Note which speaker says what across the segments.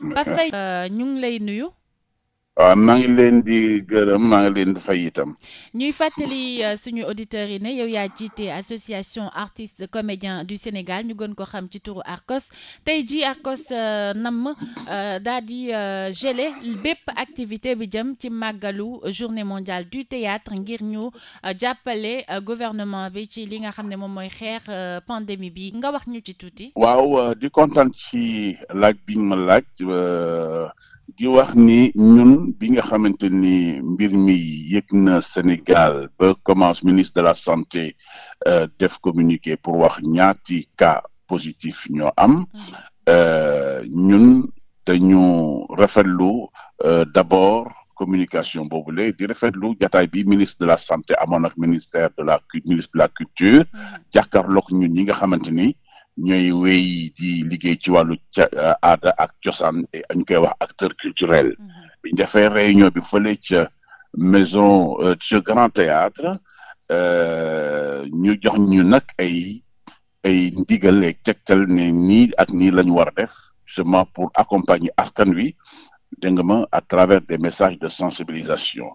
Speaker 1: Pape Faye
Speaker 2: euh, ñu ngi lay nuyu
Speaker 1: waaw maa ngi leen di gërëm maa ngi leen di fay itam.
Speaker 2: ñuy fàttali euh, suñu auditeurs yi ne yow yaa jiite association artistes comédiens du Sénégal ñu gën ko xam ci turu ARCOS tey ji ARCOS euh, namm euh, daal di gelé bépp activité bi jëm ci màggalu journée mondiale du théâtre ngir ñu jàppale gouvernement bi ci li nga xam ne moom mooy xeex pandémie bi nga wax ñu ci tuuti.
Speaker 1: waaw di kontaan ci laaj bi ma laaj. di wax ni ñun bi nga xamante ni mbir mi yëg na Sénégal ba commence ministre de la santé euh, def communiqué pour wax ñaati cas positif ñoo am mm-hmm. euh, ñun dañu rafetlu euh, d'abord communication boobu la di rafetlu jataay bi ministre de la santé amoon ak ministère de la ministre de la culture mm-hmm. jàkkaarloog ñun ñi nga xamante ni. ñooy wéy di liggéey ci wàllu ca euh, aada ak cosaan et ñu koy wax acteur culturel mm-hmm. biñ defee réunion bi fële ca maison euh, ca grand théâtre euh, ñu jox ñu nag ay ay ndigal ay tegtal ne nii ak nii la ñu war a def justement pour accompagner askan wi dégg nga ma à travers des messages de sensibilisation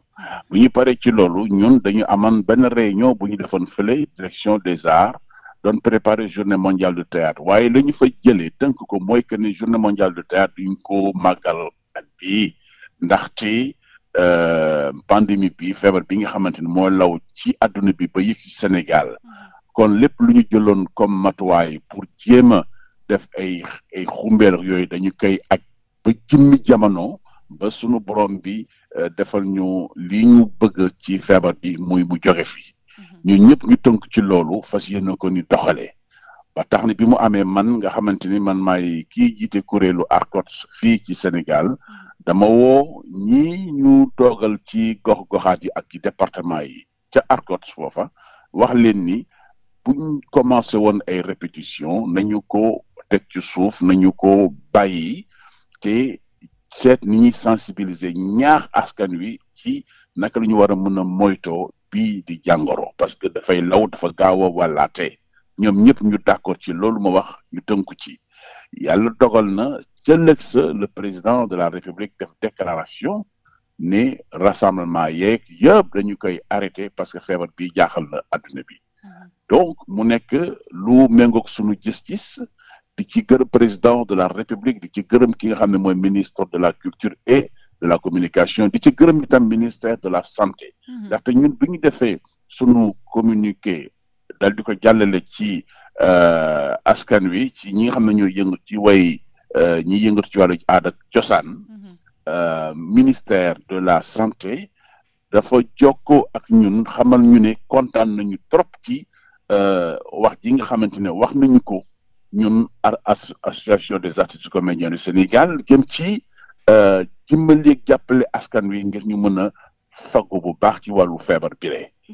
Speaker 1: bu ñu paree ci loolu ñun dañu amoon benn réunion bu ñu defoon fële direction des arts doon préparer journée mondial du théâtre waaye lañu fa jëlee tënk ko mooy que ni journée mondiale du théâtre duñ ko màggal at bi ndaxte euh, pandémie bi feebar bi nga xamante ni moo law ci àdduna bi ba yëg si Sénégal kon lépp lu ñu jëloon comme matuwaay pour jéem a def ay ay yooyu dañu koy ak ba jëmmi jamono ba sunu borom bi euh, defal ñu li ñu bëgg ci feebar bi muy mu joge fi Mhm. ñun ñëpp ñu tënk ci loolu fas yéene ko ni doxalee ba tax ni bi mu amee man nga xamante ni man maay kii jiite kuréelu arcote fii ci Sénégal mhm. dama woo ñii ñu toogal ci gox-goxaat yi ak ci département yi ca arcote foofa wax leen ni buñ commencé woon ay répétition nañu ko teg ci suuf nañu ko bàyyi te seet ni ñuy sensibiliser ñaax askan wi ci naka la ñu war a mën a moytoo bi di jàngoro parce que dafay law dafa gaaw a ñoom ñëpp ñu d'accord ci loolu ma wax ñu tënku ci yàlla dogal na cëllëg sa le président de la république def déclaration ne rassemblement yeeg yëpp dañu koy arrêté parce que feebar bi jaaxal na adduna bi donc mu nekk lu méngoog sunu gis-gis di ci gërëm président de la république di ci gërëm ki nga xam ne mooy ministre de la culture et de la communication di ci gërëm itam ministère de la santé. Mhm. ndaxte ñun bu ñu defee sunu communiqué dal di ko jàllale ci euh, askan wi ci ñi nga xam ne ñooy yëngu ci way euh, ñi yëngatu ci wàllu aada ak cosaan. Mhm. Euh, ministère de la santé dafa jokko ak ñun xamal ñu ne kontaan nañu trop ci wax ji nga xamante ne wax nañu ko ñun association des artistes comédiens du Sénégal jëm ci dimbali jàppale askan wi ngir ñu mën a faggu bu baax ci wàllu feebar bi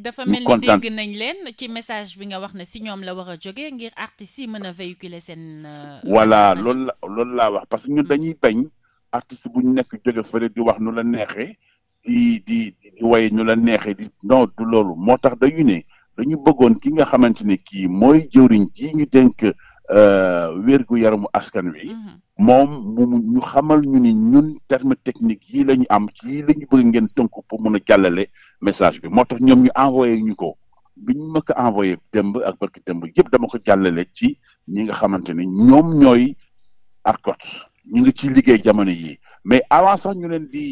Speaker 2: dafa mel ni dégg nañ leen ci message bi nga wax ne si ñoom la war a jógee ngir artistes yi mën a véhiculer seen.
Speaker 1: wala euh, loolu la loolu laa wax parce que ñun dañuy bañ artiste bu ñu nekk jóge fële di wax nu la neexee di di waye ñu la neexee di non du loolu moo tax dañu ne dañu bëggoon ki nga xamante ne kii mooy jëwriñ ji ñu dénk Euh, wérgu yaramu askan wi mm-hmm. moom mu ñu xamal ñu ni ñun terme technique yii la am yii la ñu bëgg ngeen tënku pour mun a jàllale message bi moo tax ñoom ñu envoyé ñu ko biñ ma ko envoyé demb ak barki demb yëpp dama ko jàllale ci ñi nga xamante ni ñoom ñooy ARCOT ñu ngi ciy liggéey jamono yii mais avant sax ñu leen di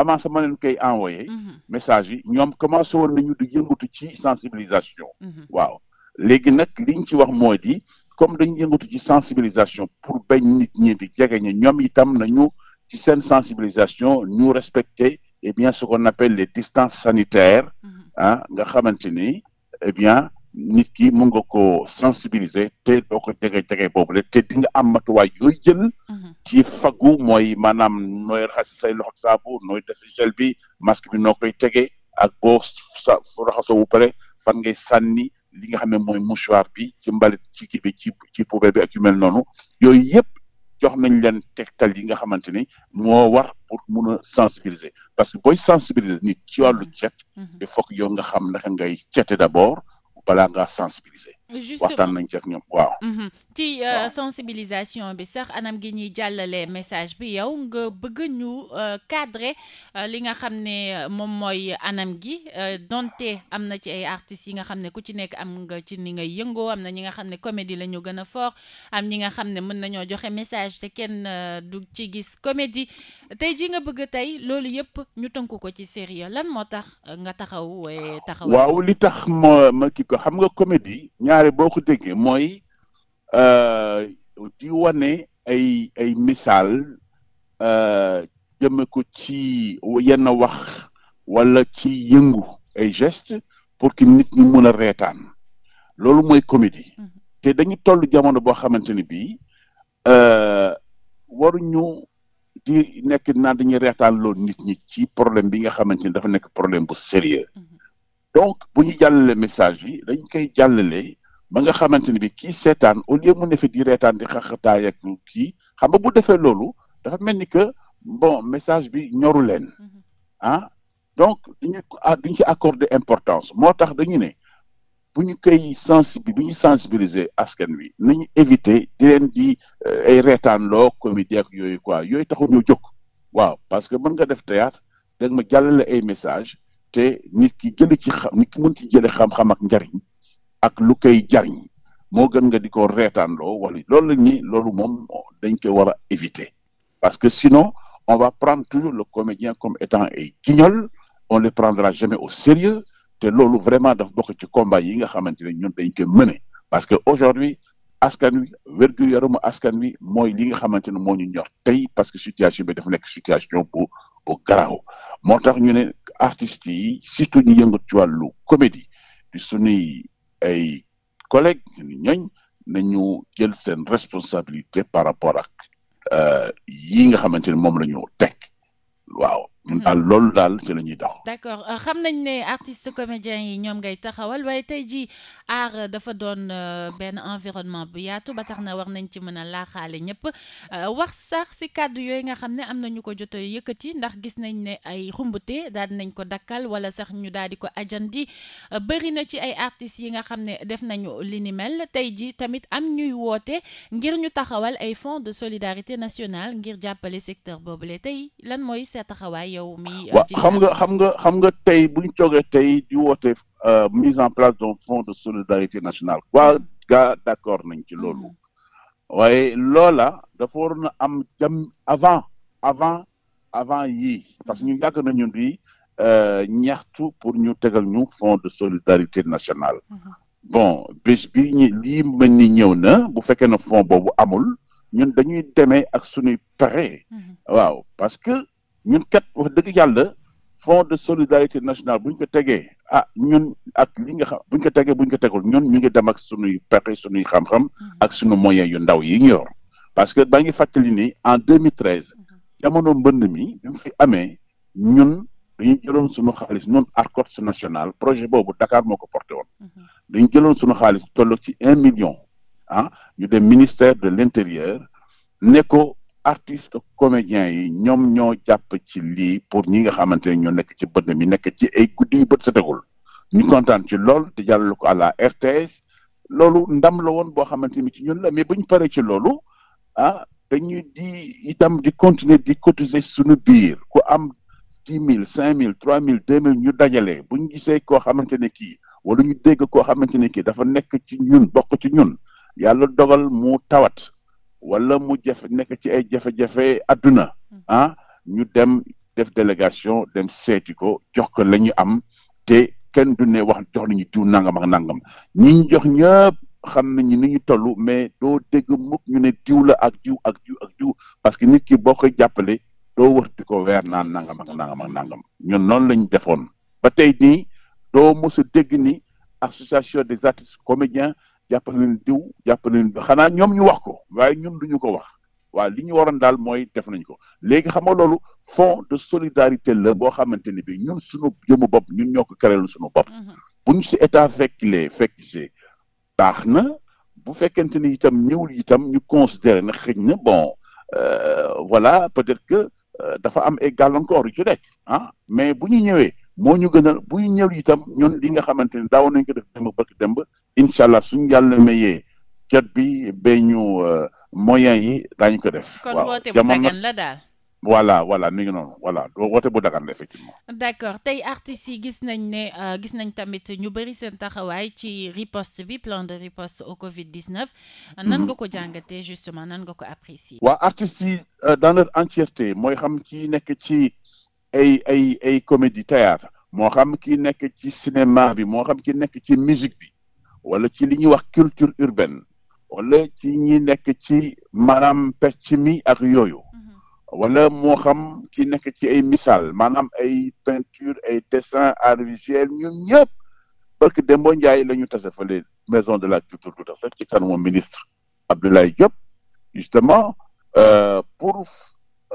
Speaker 1: avant sax ma leen koy envoyé mm-hmm. message yi ñoom commencé woon nañu di yëngatu ci sensibilisation mm-hmm. waaw léegi nag liñ ci wax moo di comme dañuy yëngatu ci sensibilisation pour bañ nit ñi di jege ñi ñoom itam nañu ci seen sensibilisation ñu respecter eh bien ce qu'on appelle les distances sanitaires mm-hmm. ah nga xamante ni eh bien nit ki mun nga ko sensibiliser te doo ko jege jege boobu la te am matuwaay yooyu jël. Mm-hmm. ci fagu mooy maanaam nooy raxas say loxo saabu nooy def gel bi masque bi noo koy tege ak boo sa raxasoo bu pare fan sànni. li nga xam ne mooy mouchoir bi ci mbalit ci kii bi ci ci poubelle bi ak yu mel noonu yooyu yëpp jox nañ leen tegtal yi nga xamante ni moo war pour mun a sensibiliser parce que booy sensibiliser ni ci wàllu cet fok mm-hmm. faut que yow nga xam ngay cete d'abord balaa ngaa sensibiliser
Speaker 2: waxtaan nañ
Speaker 1: ci ak ñoom waaw.
Speaker 2: Mhm. ci euh, sensibilisation bi sax anam gi ñuy jàllale message bi yow nga bëgg ñu euh, cadrer euh, li nga xam ne moom mooy anam gi donte am na ci ay artistes yi nga xam ne ku ci nekk am nga ci ni ngay yëngoo am na ñi nga xam ne comédie la ñu gën a fort am ñi nga xam ne mën nañoo joxe message te kenn du ci gis comédie tey ji nga bëgg tey loolu yëpp ñu tënku ko ci sérieux lan moo tax nga taxaw taxaw. waaw
Speaker 1: li tax ma ma kii ko xam nga comédie ñaare boo ko déggee mooy euh, di wane ay ay misaal euh, jëme ko ci yenn wax wala ci yëngu ay geste pour ki nit ñu mën a reetaan loolu mooy comédie mm-hmm. te dañu toll jamono boo xamante ni bii euh, waruñu di nekk naan dañuy reetaan loolu nit ñi ci problème bi nga xamante ni dafa nekk problème bu sérieux mm-hmm. donc bu ñu message bi dañ koy jàllale ba nga xamante ni bi kii seetaan au lieu mu ne fi di reetaan di xaxataay ak kii xam nga bu defee loolu dafa mel ni que bon message bi ñoru leen mm-hmm. ah donc dañu ah, dañu ci accordé importance moo tax dañu ne bu ñu koy sensibiliser bu ñu sensibiliser askan wi nu ñu di leen di eh, ay loo comédie ak yooyu quoi yooyu taxul ñu jóg waaw parce que mën nga def théâtre da ma jàllale ay message te nit ki jële ci xam nit ki mun ci jële xam-xam ak njariñ ak lu koy jariñ moo gën nga di ko reetaanloo wala loolu la ñi loolu moom dañ ko war a éviter parce que sinon on va prendre toujours le comédien comme étant ay guignol on les prendra jamais au sérieux te loolu vraiment daf bokk ci combat yi nga xamante ne ñun dañ koy mener parce que aujourd'hui askan wi wérgu yaramu askan wi mooy li nga xamante ne moo ñu ñor tey parce que situation bi dafa nekk situation bu bu garaaw moo tax ñu ne artistes yi surtout ñu yëngat ci wàllu comédie di suñuy ay collègues ñooñ nañu jël seen responsabilité par rapport ak euh, yii nga xamante ni moom la ñu teg waaw Mhm. loolu daal ci la ñuy daw.
Speaker 2: d'accord euh, xam nañ ne artistes comédiens yi ñoom ngay taxawal waaye tey jii art dafa doon euh, benn environnement bu yaatu ba tax na war nañ ci mën a laaxaale ñëpp euh, wax sax si kàddu yooyu nga xam ne am nañu ko jot a ndax gis nañ ne ay xumbute daal nañ ko dakkal wala sax ñu daal di ko ajandi bëri na ci ay artistes yi nga xam ne def nañu li ni mel tey jii tamit am ñuy woote ngir ñu taxawal ay fonds de solidarité nationale ngir jàppale secteur boobule tey lan mooy sa taxawaay yow
Speaker 1: xam nga xam nga xam nga tey bu ñu toogee tey di woote euh, mise en place d'un fonds de solidarité nationale waa gaa d'accord nañ ci loolu mm-hmm. waaye loola dafa waroon a am jam avant avant avant yi parce que ñu mm-hmm. yàgg nañu di euh, ñaxtu pour ñu tegal ñu fonds de solidarité nationale mm-hmm. bon bés bi ñu ñëw na bu fekkee na fonds boobu amul ñun dañuy demee ak suñuy pare waaw parce que ñun kat wax dëgg yàlla fonds de solidarité nationale bu ñu ko tegee ah ñun ak li nga xam bu ko tegee bu ñu ko tegul ñun ñu ngi dem ak sunuy pexe sunuy xam-xam mm-hmm. ak sunu moyens yu ndaw yi ñu yor parce que baa ngi fàttali ni en 2013 mm-hmm. jamono mbënd mi bi fi amee ñun dañu jëloon suma xaalis ñun ARCOS national projet boobu Dakar moo ko porté woon mm-hmm. dañu jëloon suma xaalis tolloog ci un million ah ñu dem ministère de l'intérieur ne ko artiste comédien yi ñoom ñoo jàpp ci lii pour ñi nga xamante ne ñoo nekk ci bënn mi nekk ci ay guddi yu bët setegul ñu kontaan ci lool te jàllale ko à la RTS loolu ndam la woon boo xamante ni ci ñun la mais bu ñu paree ci loolu ah dañuy di itam di continuer di cotiser suñu biir ku am dix mille cinq mille trois mille deux mille ñu dajale bu ñu gisee koo xamante ne kii wala ñu dégg koo xamante ne kii dafa nekk ci ñun bokk ci ñun yàlla dogal mu tawat wala mu jafe nekk ci ay jafe-jafe adduna hmm. ah ñu dem def délégation dem seeti ko jox ko la ñu am te kenn du ne wax jox nañu diw nangam ak nangam ñi jox ñëpp xam nañu ni ñu toll mais doo dégg mukk ñu ne diw la ak diw ak diw ak diw parce que nit ki boo koy jàppale doo wër di ko weer na nangam ak nangam ak nangam ñun noonu lañ defoon ba tey nii doo mos a dégg ni association des artistes comédiens jàppale leen diw jàppale leen xanaa ñoom ñu wax ko waaye ñun ñu ko wax waaw li ñu waroon daal mooy def nañ ko léegi xam nga loolu fonds de solidarité la boo xamante ni bi ñun suñu jëmu bopp ñun ñoo ko créé suñu bopp mm-hmm. buñ si état fekkilee fekk se baax na bu fekkente ni itam ñëwul itam ñu considéré na xëj na bon euh, voilà peut-être que euh, dafa am ay gàllankoor yu ci nekk ah mais bu ñu ñëwee moo ñu gënal bu ñu ñëw itam ñun li nga xamante ne daawoon nañ ko def démb barki démb incha allah suñu yàlla mayee jot bi bay ñu euh, moyens yi daañu ko def. waaw kon woote bu dagan la daal. wala wala mi ngi noonu voilà woote bu dagan la effectivement.
Speaker 2: d' tey artistes yi gis nañ ne euh, gis nañ tamit ñu bëri seen taxawaay ci riposte bi plan de riposte au Covid 19. Mhm. nan nga ko jàngate justement nan nga ko apprécier. waa
Speaker 1: artistes yi euh, dans leur entièreté mooy xam ci nekk ci. ay ay ay comédie théâtre moo xam ki nekk ci cinéma bi moo xam ki nekk ci musique bi wala ci li ñuy wax culture urbaine wala ci ñi nekk ci maanaam pecc mi ak yooyu mm-hmm. wala moo xam ki nekk ci ay misaal maanaam ay peinture ay dessin art visuel ñun ñëpp parce que Demba Ndiaye la ñu tase fële maison de la culture du Tassette ci kanamu ministre Abdoulaye Diop justement euh, pour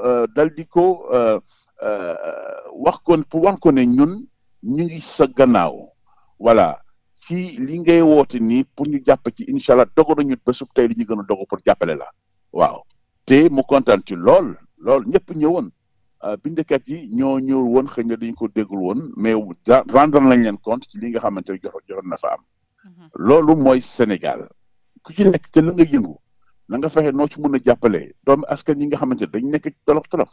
Speaker 1: euh, dal di ko euh, wax kon pour wax ko ñun ñu ngi sa gannaaw wala ci li ngay woote nii pour ñu jàpp ci incha allah dogo nañu ba sub tey li ñu gën a dogo pour jàppale la waaw te mu kontaan ci lool lool ñëpp ñëwoon ah, bindkat yi ñoo ñëw woon xëy na dañu ko déggul woon mais rendre nañ leen compte ci li nga xamante ne joxoon na fa am. Mhm. loolu mooy Sénégal ku ci nekk te la nga yëngu nanga nga fexe noo ci mun a jàppale doomu askan yi nga xamante ne dañ nekk tolof tolof.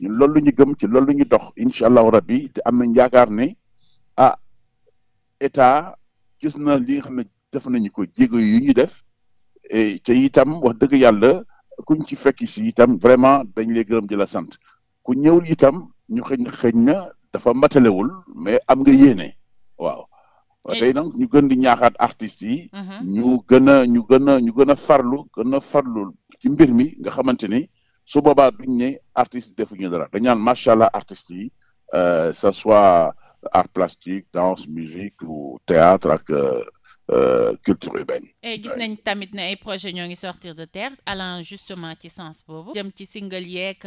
Speaker 1: ñun loolu lu ñu gëm ci loolu lu ñu dox incha allahu rabbi te am nañ yaakaar ne ah état gis na li nga xam ne def nañu ko jéego yu ñu def te itam wax dëgg yàlla kuñ ci fekk si itam vraiment dañ lay gërëm di sant ku ñëwul itam ñu xëñ na xëñ na dafa matalewul mais am nga yéene waaw. tey nag ñu gën di ñaaxaat artistes yi. Mhm. ñu gën a ñu gën a ñu gën a farlu gën farlu ci mbir mi nga xamante ni. su boobaa duñ ne artistes yi defuñu dara dañ naan macha allah artistes yi ça euh, soit art plastique danse musique ou théâtre ak euh, euh, culture urbaine.
Speaker 2: gis nañ tamit ne ay projet ñoo ngi sortir de terre allant justement ci sens boobu. jëm ci single yeeg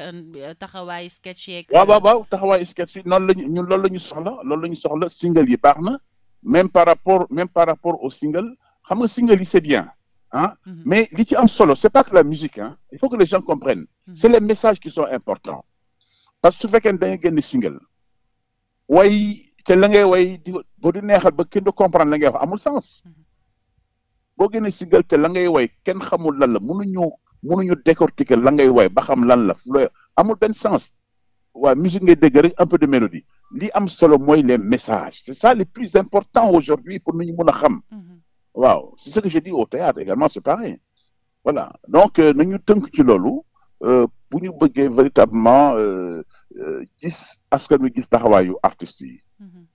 Speaker 2: taxawaayu sketch yeeg. waaw waaw
Speaker 1: waaw taxawaayu sketch yi noonu la ñu loolu la soxla loolu la ñu soxla single yi baax na même par rapport même par rapport au single xam nga single yi c'est bien. ah mais li ci am solo c'est pas que la musique ah il faut que les gens comprennent mm-hmm. c'est les messages qui sont importants parce que su fekkee ne da nga génn single way te la nga way di boo di neexal ba kenn du comprendre la ngay wax amul sens mm-hmm. boo génne single te la ngay way kenn xamul lan la mënuñu mënuñu décortiquer la ngay way ba xam lan la looy amul benn sens waaw musique ngay dégg rek un peu de mélodie li am solo mooy les messages c'est ça le plus important aujourd'hui pour ñu mun a waaw c'est ce que j'ai dit au théâtre également c'est pareil voilà donc euh, nañu tënk ci loolu euh, bu ñu bëggee véritablement euh, gis askan wi gis taxawaayu artistes yi mhm.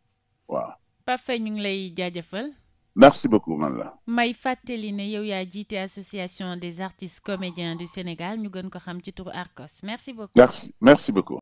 Speaker 1: waaw
Speaker 2: parfait ñu ngi lay jaajëfal
Speaker 1: merci beaucoup man la
Speaker 2: may fàttali ne yow yaa jiite association des artistes comédiens du Sénégal ñu gën ko xam ci turu ARCOS merci beaucoup
Speaker 1: merci merci beaucoup